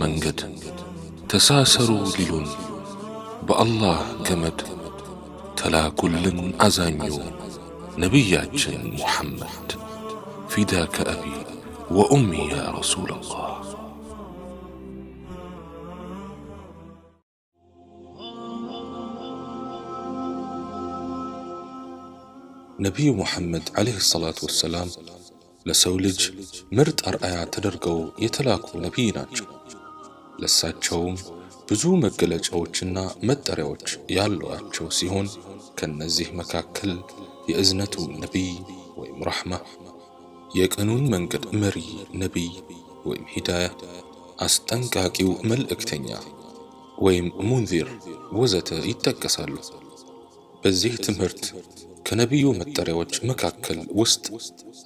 منجد تساسروا للون بالله كمد تلا كل ازانيو نبياتشن محمد فداك ابي وامي يا رسول الله نبي محمد عليه الصلاة والسلام لسولج مرت أرأيا تدرقو يتلاكو نبينا جو ለሳቸውም ብዙ መገለጫዎችና መጠሪያዎች ያሏቸው ሲሆን ከነዚህ መካከል የእዝነቱ ነቢይ ወይም ረሕማ፣ የቀኑን መንገድ መሪ ነቢይ ወይም ሂዳያ፣ አስጠንቃቂው መልእክተኛ ወይም ሙንዚር ወዘተ ይጠቀሳሉ። በዚህ ትምህርት ከነቢዩ መጠሪያዎች መካከል ውስጥ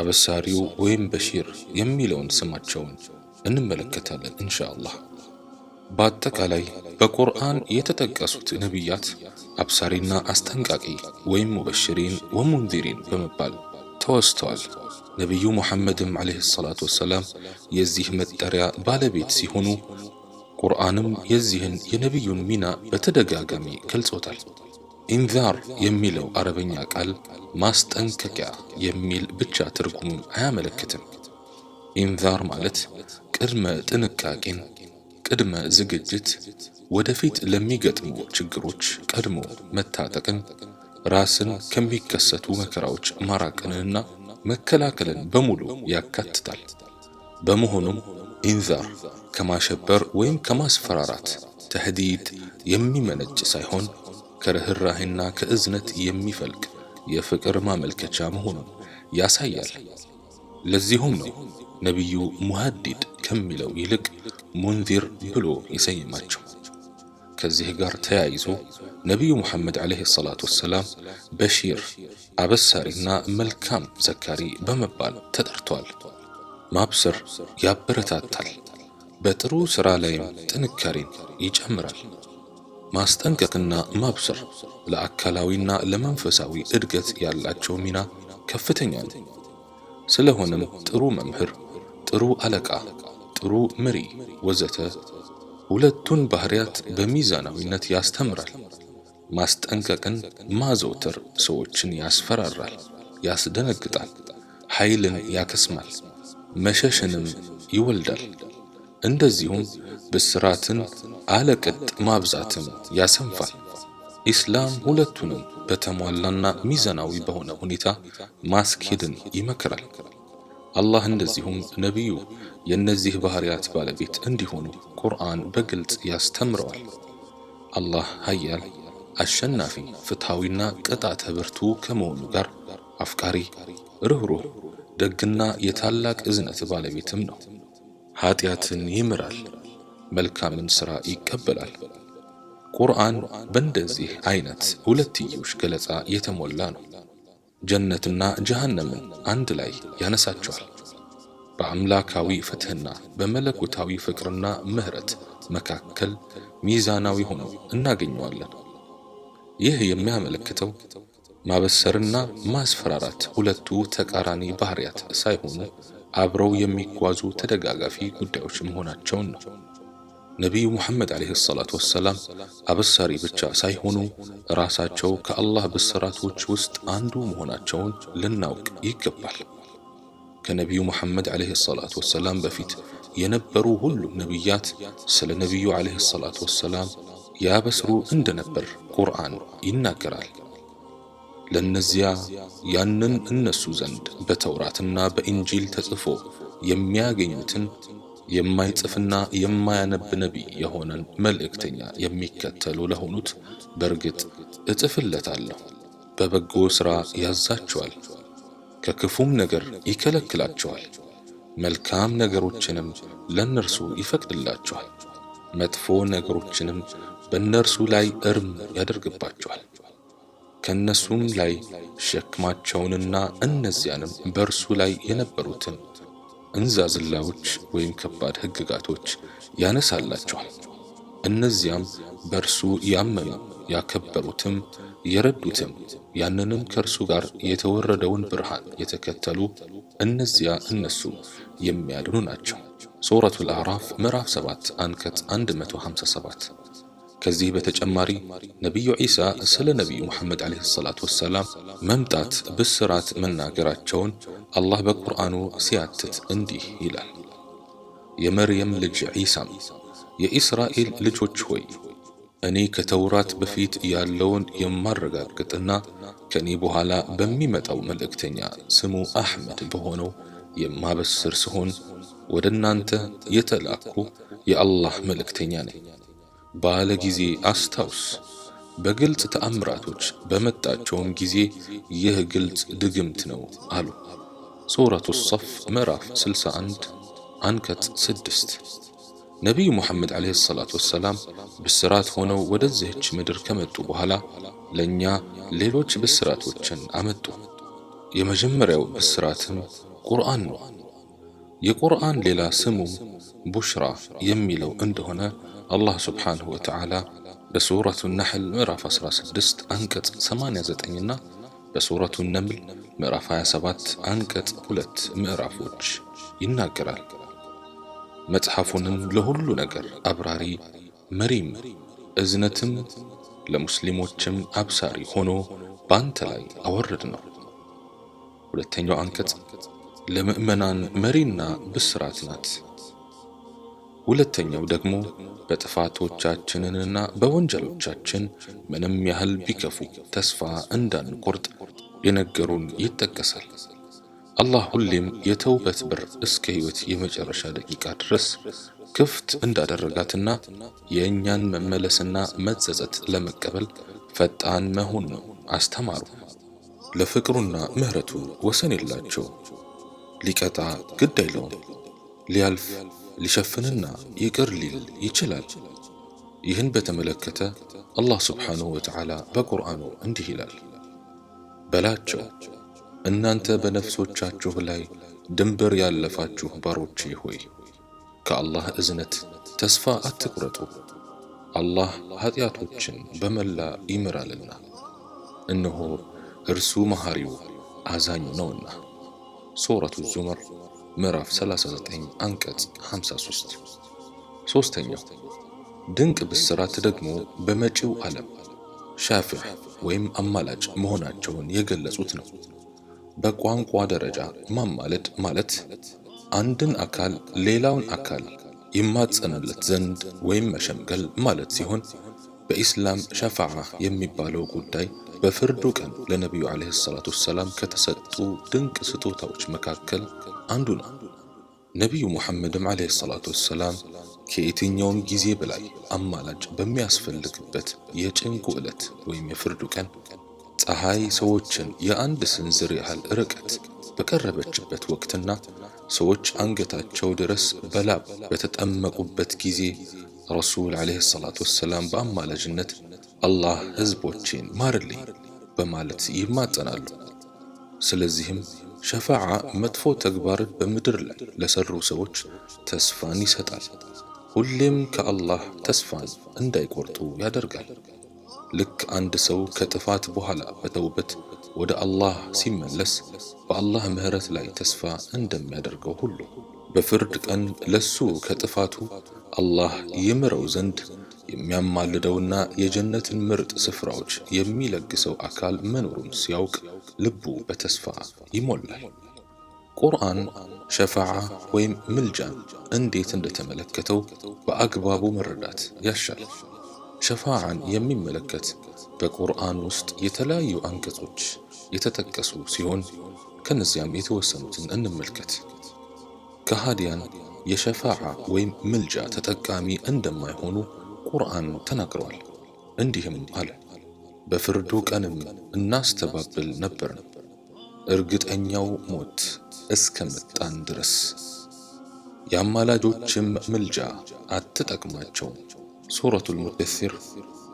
አበሳሪው ወይም በሺር የሚለውን ስማቸውን እንመለከታለን ኢንሻ አላህ። በአጠቃላይ በቁርአን የተጠቀሱት ነቢያት አብሳሪና አስጠንቃቂ ወይም ሙበሽሪን ወሙንዚሪን በመባል ተወስተዋል። ነቢዩ ሙሐመድም ዓለይሂ ሰላቱ ወሰላም የዚህ መጠሪያ ባለቤት ሲሆኑ ቁርአንም የዚህን የነቢዩን ሚና በተደጋጋሚ ገልጾታል። ኢንዛር የሚለው አረበኛ ቃል ማስጠንቀቂያ የሚል ብቻ ትርጉሙን አያመለክትም። ኢንዛር ማለት ቅድመ ጥንቃቄን ቅድመ ዝግጅት ወደፊት ለሚገጥሙ ችግሮች ቀድሞ መታጠቅን ራስን ከሚከሰቱ መከራዎች ማራቅንና መከላከልን በሙሉ ያካትታል። በመሆኑም ኢንዛር ከማሸበር ወይም ከማስፈራራት ተህዲድ የሚመነጭ ሳይሆን ከርህራህና ከእዝነት የሚፈልቅ የፍቅር ማመልከቻ መሆኑን ያሳያል። ለዚሁም ነው ነቢዩ ሙሃዲድ ከሚለው ይልቅ ሙንዚር ብሎ ይሰይማቸው። ከዚህ ጋር ተያይዞ ነቢዩ ሙሐመድ ዓለይሂ ሰላቱ ወሰላም በሺር አበሳሪና መልካም ዘካሪ በመባል ተጠርቷል። ማብሰር ያበረታታል፣ በጥሩ ሥራ ላይም ጥንካሬን ይጨምራል። ማስጠንቀቅና ማብሰር ለአካላዊና ለመንፈሳዊ እድገት ያላቸው ሚና ከፍተኛ ነው። ስለሆነም ጥሩ መምህር፣ ጥሩ አለቃ ጥሩ መሪ ወዘተ ሁለቱን ባህሪያት በሚዛናዊነት ያስተምራል። ማስጠንቀቅን ማዘውተር ሰዎችን ያስፈራራል፣ ያስደነግጣል፣ ኃይልን ያከስማል፣ መሸሽንም ይወልዳል። እንደዚሁም ብስራትን አለቅጥ ማብዛትም ያሰንፋል። ኢስላም ሁለቱንም በተሟላና ሚዛናዊ በሆነ ሁኔታ ማስኬድን ይመክራል። አላህ እንደዚሁም ነቢዩ የእነዚህ ባህሪያት ባለቤት እንዲሆኑ ቁርአን በግልጽ ያስተምረዋል። አላህ ሀያል፣ አሸናፊ፣ ፍትሃዊና ቅጣተ ብርቱ ከመሆኑ ጋር አፍቃሪ፣ ርኅሩህ፣ ደግና የታላቅ እዝነት ባለቤትም ነው። ኃጢአትን ይምራል፣ መልካምን ሥራ ይቀበላል። ቁርአን በእንደዚህ አይነት ሁለትዮሽ ገለጻ የተሞላ ነው። ጀነትና ጀሃነምን አንድ ላይ ያነሳቸዋል። በአምላካዊ ፍትህና በመለኮታዊ ፍቅርና ምህረት መካከል ሚዛናዊ ሆኖ እናገኘዋለን። ይህ የሚያመለክተው ማበሰርና ማስፈራራት ሁለቱ ተቃራኒ ባህሪያት ሳይሆኑ አብረው የሚጓዙ ተደጋጋፊ ጉዳዮች መሆናቸውን ነው። ነቢዩ ሙሐመድ ዓለይሂ ሰላቱ ወሰላም አበሳሪ ብቻ ሳይሆኑ ራሳቸው ከአላህ ብስራቶች ውስጥ አንዱ መሆናቸውን ልናውቅ ይገባል። ከነቢዩ ሙሐመድ ዓለይሂ ሰላቱ ወሰላም በፊት የነበሩ ሁሉ ነቢያት ስለ ነቢዩ ዓለይሂ ሰላቱ ወሰላም ያበስሩ እንደነበር ቁርአን ይናገራል። ለእነዚያ ያንን እነሱ ዘንድ በተውራትና በኢንጂል ተጽፎ የሚያገኙትን የማይጽፍና የማያነብ ነቢይ የሆነን መልእክተኛ የሚከተሉ ለሆኑት በእርግጥ እጽፍለታለሁ። በበጎ ሥራ ያዛቸዋል፣ ከክፉም ነገር ይከለክላቸዋል፣ መልካም ነገሮችንም ለእነርሱ ይፈቅድላቸዋል፣ መጥፎ ነገሮችንም በእነርሱ ላይ እርም ያደርግባቸዋል። ከእነሱም ላይ ሸክማቸውንና እነዚያንም በእርሱ ላይ የነበሩትን እንዛዝላዎች ወይም ከባድ ህግጋቶች ያነሳላቸዋል። እነዚያም በእርሱ ያመኑ ያከበሩትም የረዱትም ያንንም ከእርሱ ጋር የተወረደውን ብርሃን የተከተሉ እነዚያ እነሱ የሚያድኑ ናቸው። ሱረቱል አዕራፍ ምዕራፍ 7 አንከት 157 ከዚህ በተጨማሪ ነቢዩ ዒሳ ስለ ነቢዩ ሙሐመድ ዓለይሂ ሰላቱ ወሰላም መምጣት ብስራት መናገራቸውን አላህ በቁርአኑ ሲያትት እንዲህ ይላል። የመርየም ልጅ ዒሳም የኢስራኤል ልጆች ሆይ እኔ ከተውራት በፊት ያለውን የማረጋግጥና ከእኔ በኋላ በሚመጣው መልእክተኛ ስሙ አሕመድ በሆነው የማበስር ሲሆን ወደ እናንተ የተላኩ የአላህ መልእክተኛ ነኝ። ባለ ጊዜ አስታውስ በግልጽ ተአምራቶች በመጣቸውም ጊዜ ይህ ግልጽ ድግምት ነው አሉ። ሱረቱ ሰፍ ምዕራፍ 61 አንከት 6። ነቢዩ ሙሐመድ ዓለይሂ ሰላቱ ወሰላም ብስራት ሆነው ወደዚህች ምድር ከመጡ በኋላ ለእኛ ሌሎች ብስራቶችን አመጡ። የመጀመሪያው ብስራትም ቁርአን ነው። የቁርአን ሌላ ስሙም ቡሽራ የሚለው እንደሆነ አላህ ስብሓንሁ ወተዓላ በሱረቱ ነሕል ምዕራፍ 16 አንቀጽ 89ና በሱረቱ ነምል ምዕራፍ 27 አንቀጽ ሁለት ምዕራፎች ይናገራል። መጽሐፉንም ለሁሉ ነገር አብራሪ መሪም እዝነትም ለሙስሊሞችም አብሳሪ ሆኖ በአንተ ላይ አወረድ ነው። ሁለተኛው አንቀጽ ለምዕመናን መሪና ብስራት ናት። ሁለተኛው ደግሞ በጥፋቶቻችንንና በወንጀሎቻችን ምንም ያህል ቢከፉ ተስፋ እንዳንቆርጥ የነገሩን ይጠቀሳል። አላህ ሁሌም የተውበት በር እስከ ሕይወት የመጨረሻ ደቂቃ ድረስ ክፍት እንዳደረጋትና የእኛን መመለስና መጸጸት ለመቀበል ፈጣን መሆን ነው አስተማሩ። ለፍቅሩና ምሕረቱ ወሰን የላቸው። ሊቀጣ ግድ አይለውም። ሊያልፍ ሊሸፍንና ይቅር ሊል ይችላል። ይህን በተመለከተ አላህ ስብሓንሁ ወተዓላ በቁርአኑ እንዲህ ይላል፣ በላቸው እናንተ በነፍሶቻችሁ ላይ ድንበር ያለፋችሁ ባሮቼ ሆይ ከአላህ እዝነት ተስፋ አትቁረጡ፣ አላህ ኀጢአቶችን በመላ ይምራልና፣ እነሆ እርሱ መሐሪው አዛኙ ነውና። ሱረቱ ዙመር ምዕራፍ 39 አንቀጽ 53። ሶስተኛው ድንቅ ብስራት ደግሞ በመጪው ዓለም ሻፊዕ ወይም አማላጭ መሆናቸውን የገለጹት ነው። በቋንቋ ደረጃ ማማለድ ማለት አንድን አካል ሌላውን አካል ይማጸንለት ዘንድ ወይም መሸምገል ማለት ሲሆን በኢስላም ሸፋዓ የሚባለው ጉዳይ በፍርዱ ቀን ለነቢዩ ዓለይሂ ሰላቱ ወሰላም ከተሰጡ ድንቅ ስጦታዎች መካከል አንዱ ነው። ነቢዩ ሙሐመድም ዓለይሂ ሰላቱ ወሰላም ከየትኛውም ጊዜ በላይ አማላጭ በሚያስፈልግበት የጭንቁ ዕለት ወይም የፍርዱ ቀን ፀሐይ ሰዎችን የአንድ ስንዝር ያህል ርቀት በቀረበችበት ወቅትና ሰዎች አንገታቸው ድረስ በላብ በተጠመቁበት ጊዜ ረሱል ዓለይሂ ሰላቱ ወሰላም በአማላጅነት አላህ ህዝቦቼን ማርልኝ በማለት ይማጸናሉ። ስለዚህም ሸፈዓ መጥፎ ተግባርን በምድር ላይ ለሰሩ ሰዎች ተስፋን ይሰጣል። ሁሌም ከአላህ ተስፋን እንዳይቆርጡ ያደርጋል። ልክ አንድ ሰው ከጥፋት በኋላ በተውበት ወደ አላህ ሲመለስ በአላህ ምሕረት ላይ ተስፋ እንደሚያደርገው ሁሉ በፍርድ ቀን ለሱ ከጥፋቱ አላህ ይምረው ዘንድ የሚያማልደውና የጀነትን ምርጥ ስፍራዎች የሚለግሰው አካል መኖሩን ሲያውቅ ልቡ በተስፋ ይሞላል። ቁርአን ሸፋዓ ወይም ምልጃን እንዴት እንደተመለከተው በአግባቡ መረዳት ያሻል። ሸፋዓን የሚመለከት በቁርአን ውስጥ የተለያዩ አንቀጾች የተጠቀሱ ሲሆን ከነዚያም የተወሰኑትን እንመልከት። ከሃዲያን የሸፋዓ ወይም ምልጃ ተጠቃሚ እንደማይሆኑ ቁርአን ተናግረዋል። እንዲህም አለ፣ በፍርዱ ቀንም እናስተባብል ነበር። እርግጠኛው ሞት እስከመጣን ድረስ የአማላጆችም ምልጃ አትጠቅማቸውም። ሱረቱል ሙደሲር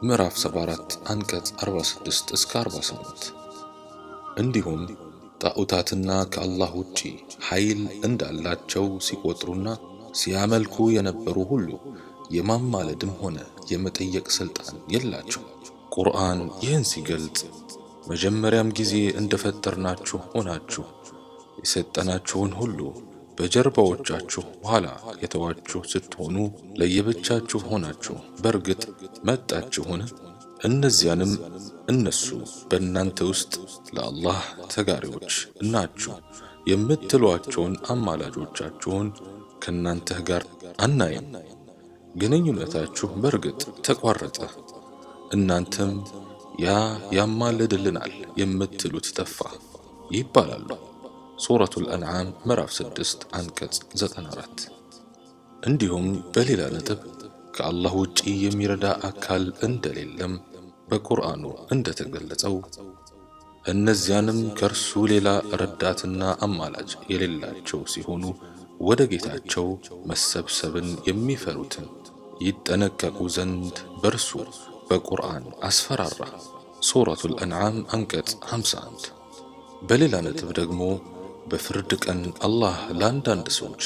ምዕራፍ 74 አንቀጽ 46 እስከ 48። እንዲሁም ጣዖታትና ከአላህ ውጪ ኃይል እንዳላቸው ሲቆጥሩና ሲያመልኩ የነበሩ ሁሉ የማማለድም ሆነ የመጠየቅ ስልጣን የላቸው። ቁርአን ይህን ሲገልጽ መጀመሪያም ጊዜ እንደፈጠርናችሁ ሆናችሁ የሰጠናችሁን ሁሉ በጀርባዎቻችሁ ኋላ የተዋችሁ ስትሆኑ ለየብቻችሁ ሆናችሁ በእርግጥ መጣችሁን? እነዚያንም እነሱ በእናንተ ውስጥ ለአላህ ተጋሪዎች ናችሁ የምትሏቸውን አማላጆቻችሁን ከእናንተ ጋር አናይም። ግንኙነታችሁ በእርግጥ ተቋረጠ፣ እናንተም ያ ያማልድልናል የምትሉት ጠፋ ይባላሉ። ሱረቱል አንዓም ምዕራፍ 6 አንቀጽ 94። እንዲሁም በሌላ ነጥብ ከአላህ ውጪ የሚረዳ አካል እንደሌለም በቁርአኑ እንደተገለጸው እነዚያንም ከእርሱ ሌላ ረዳትና አማላጭ የሌላቸው ሲሆኑ ወደ ጌታቸው መሰብሰብን የሚፈሩትን ይጠነቀቁ ዘንድ በርሱ በቁርአን አስፈራራ። ሱረቱል አንዓም አንቀጽ 51። በሌላ ነጥብ ደግሞ በፍርድ ቀን አላህ ለአንዳንድ ሰዎች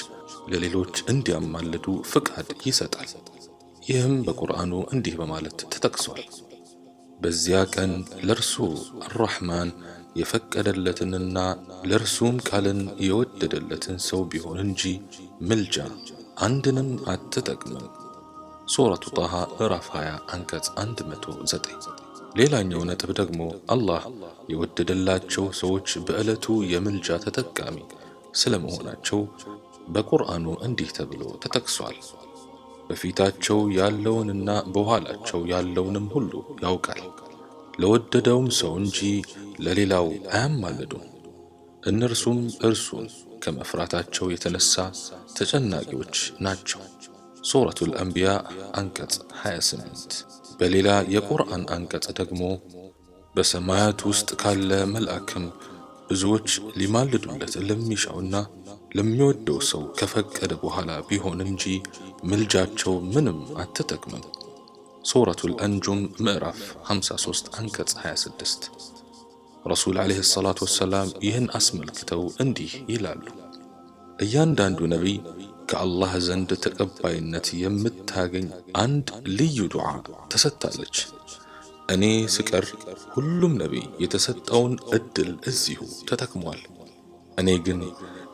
ለሌሎች እንዲያማልዱ ፍቃድ ይሰጣል። ይህም በቁርአኑ እንዲህ በማለት ተጠቅሷል። በዚያ ቀን ለእርሱ አራሕማን የፈቀደለትንና ለርሱም ቃልን የወደደለትን ሰው ቢሆን እንጂ ምልጃ አንድንም አትጠቅምም። ሱረቱ ጣሃ ምዕራፍ 20 አንቀጽ 109። ሌላኛው ነጥብ ደግሞ አላህ የወደደላቸው ሰዎች በዕለቱ የምልጃ ተጠቃሚ ስለመሆናቸው በቁርአኑ እንዲህ ተብሎ ተጠቅሷል። በፊታቸው ያለውንና በኋላቸው ያለውንም ሁሉ ያውቃል። ለወደደውም ሰው እንጂ ለሌላው አያማልዱም። እነርሱም እርሱን ከመፍራታቸው የተነሳ ተጨናቂዎች ናቸው። ሱረቱል አንቢያ አንቀጽ 28። በሌላ የቁርአን አንቀጽ ደግሞ በሰማያት ውስጥ ካለ መልአክም ብዙዎች ሊማልዱለት ለሚሻውና ለሚወደው ሰው ከፈቀደ በኋላ ቢሆን እንጂ ምልጃቸው ምንም አትጠቅምም። ሱረቱል አንጁም ምዕራፍ 53 አንቀጽ 26። ረሱል ዓለይሂ ሰላቱ ወሰላም ይህን አስመልክተው እንዲህ ይላሉ። እያንዳንዱ ነቢይ ከአላህ ዘንድ ተቀባይነት የምታገኝ አንድ ልዩ ዱዓ ተሰጥታለች። እኔ ስቀር ሁሉም ነቢይ የተሰጠውን እድል እዚሁ ተጠቅሟል። እኔ ግን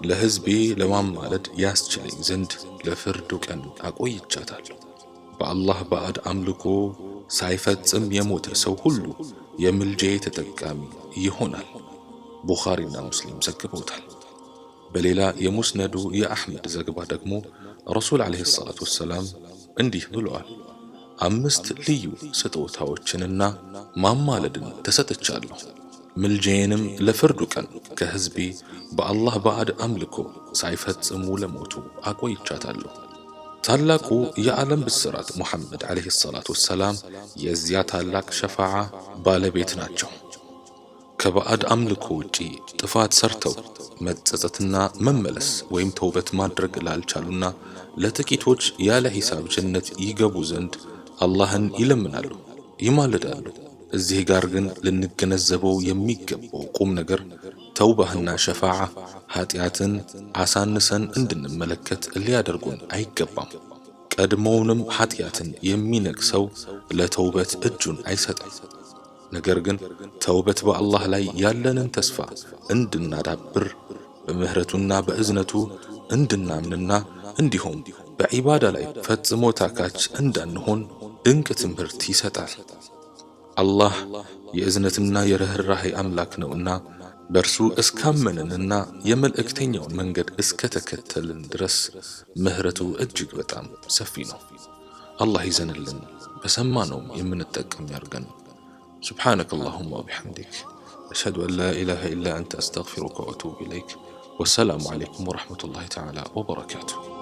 ለሕዝቤ ለማማለድ ያስችለኝ ዘንድ ለፍርዱ ቀን አቆይቻታል። በአላህ ባዕድ አምልኮ ሳይፈጽም የሞተ ሰው ሁሉ የምልጃዬ ተጠቃሚ ይሆናል። ቡኻሪና ሙስሊም ዘግበውታል። በሌላ የሙስነዱ የአሕመድ ዘግባ ደግሞ ረሱል ዓለይሂ ሰላቱ ወሰላም እንዲህ ብለዋል፣ አምስት ልዩ ስጦታዎችንና ማማለድን ተሰጥቻለሁ። ምልጃዬንም ለፍርዱ ቀን ከሕዝቤ በአላህ ባዕድ አምልኮ ሳይፈጽሙ ለሞቱ አቆይቻታለሁ። ታላቁ የዓለም ብስራት ሙሐመድ ዓለይሂ ሰላቱ ወሰላም የዚያ ታላቅ ሸፋዓ ባለቤት ናቸው። ከባዕድ አምልኮ ውጪ ጥፋት ሰርተው መጸጸትና መመለስ ወይም ተውበት ማድረግ ላልቻሉና ለጥቂቶች ያለ ሂሳብ ጀነት ይገቡ ዘንድ አላህን ይለምናሉ፣ ይማልዳሉ። እዚህ ጋር ግን ልንገነዘበው የሚገባው ቁም ነገር ተውባህና ሸፋዓ ኃጢአትን አሳንሰን እንድንመለከት ሊያደርጉን አይገባም። ቀድሞውንም ኃጢአትን የሚነቅሰው ለተውበት እጁን አይሰጥም። ነገር ግን ተውበት በአላህ ላይ ያለንን ተስፋ እንድናዳብር በምህረቱና በእዝነቱ እንድናምንና እንዲሁም በዒባዳ ላይ ፈጽሞ ታካች እንዳንሆን ድንቅ ትምህርት ይሰጣል። አላህ የእዝነትና የርኅራሄ አምላክ ነውና በእርሱ እስካመንንና የመልእክተኛውን መንገድ እስከተከተልን ድረስ ምህረቱ እጅግ በጣም ሰፊ ነው። አላህ ይዘንልን፣ በሰማነውም የምንጠቀም ያርገን። سبحانك اللهم وبحمدك أشهد أن لا إله إلا أنت أستغفرك وأتوب إليك والسلام عليكم ورحمة الله تعالى وبركاته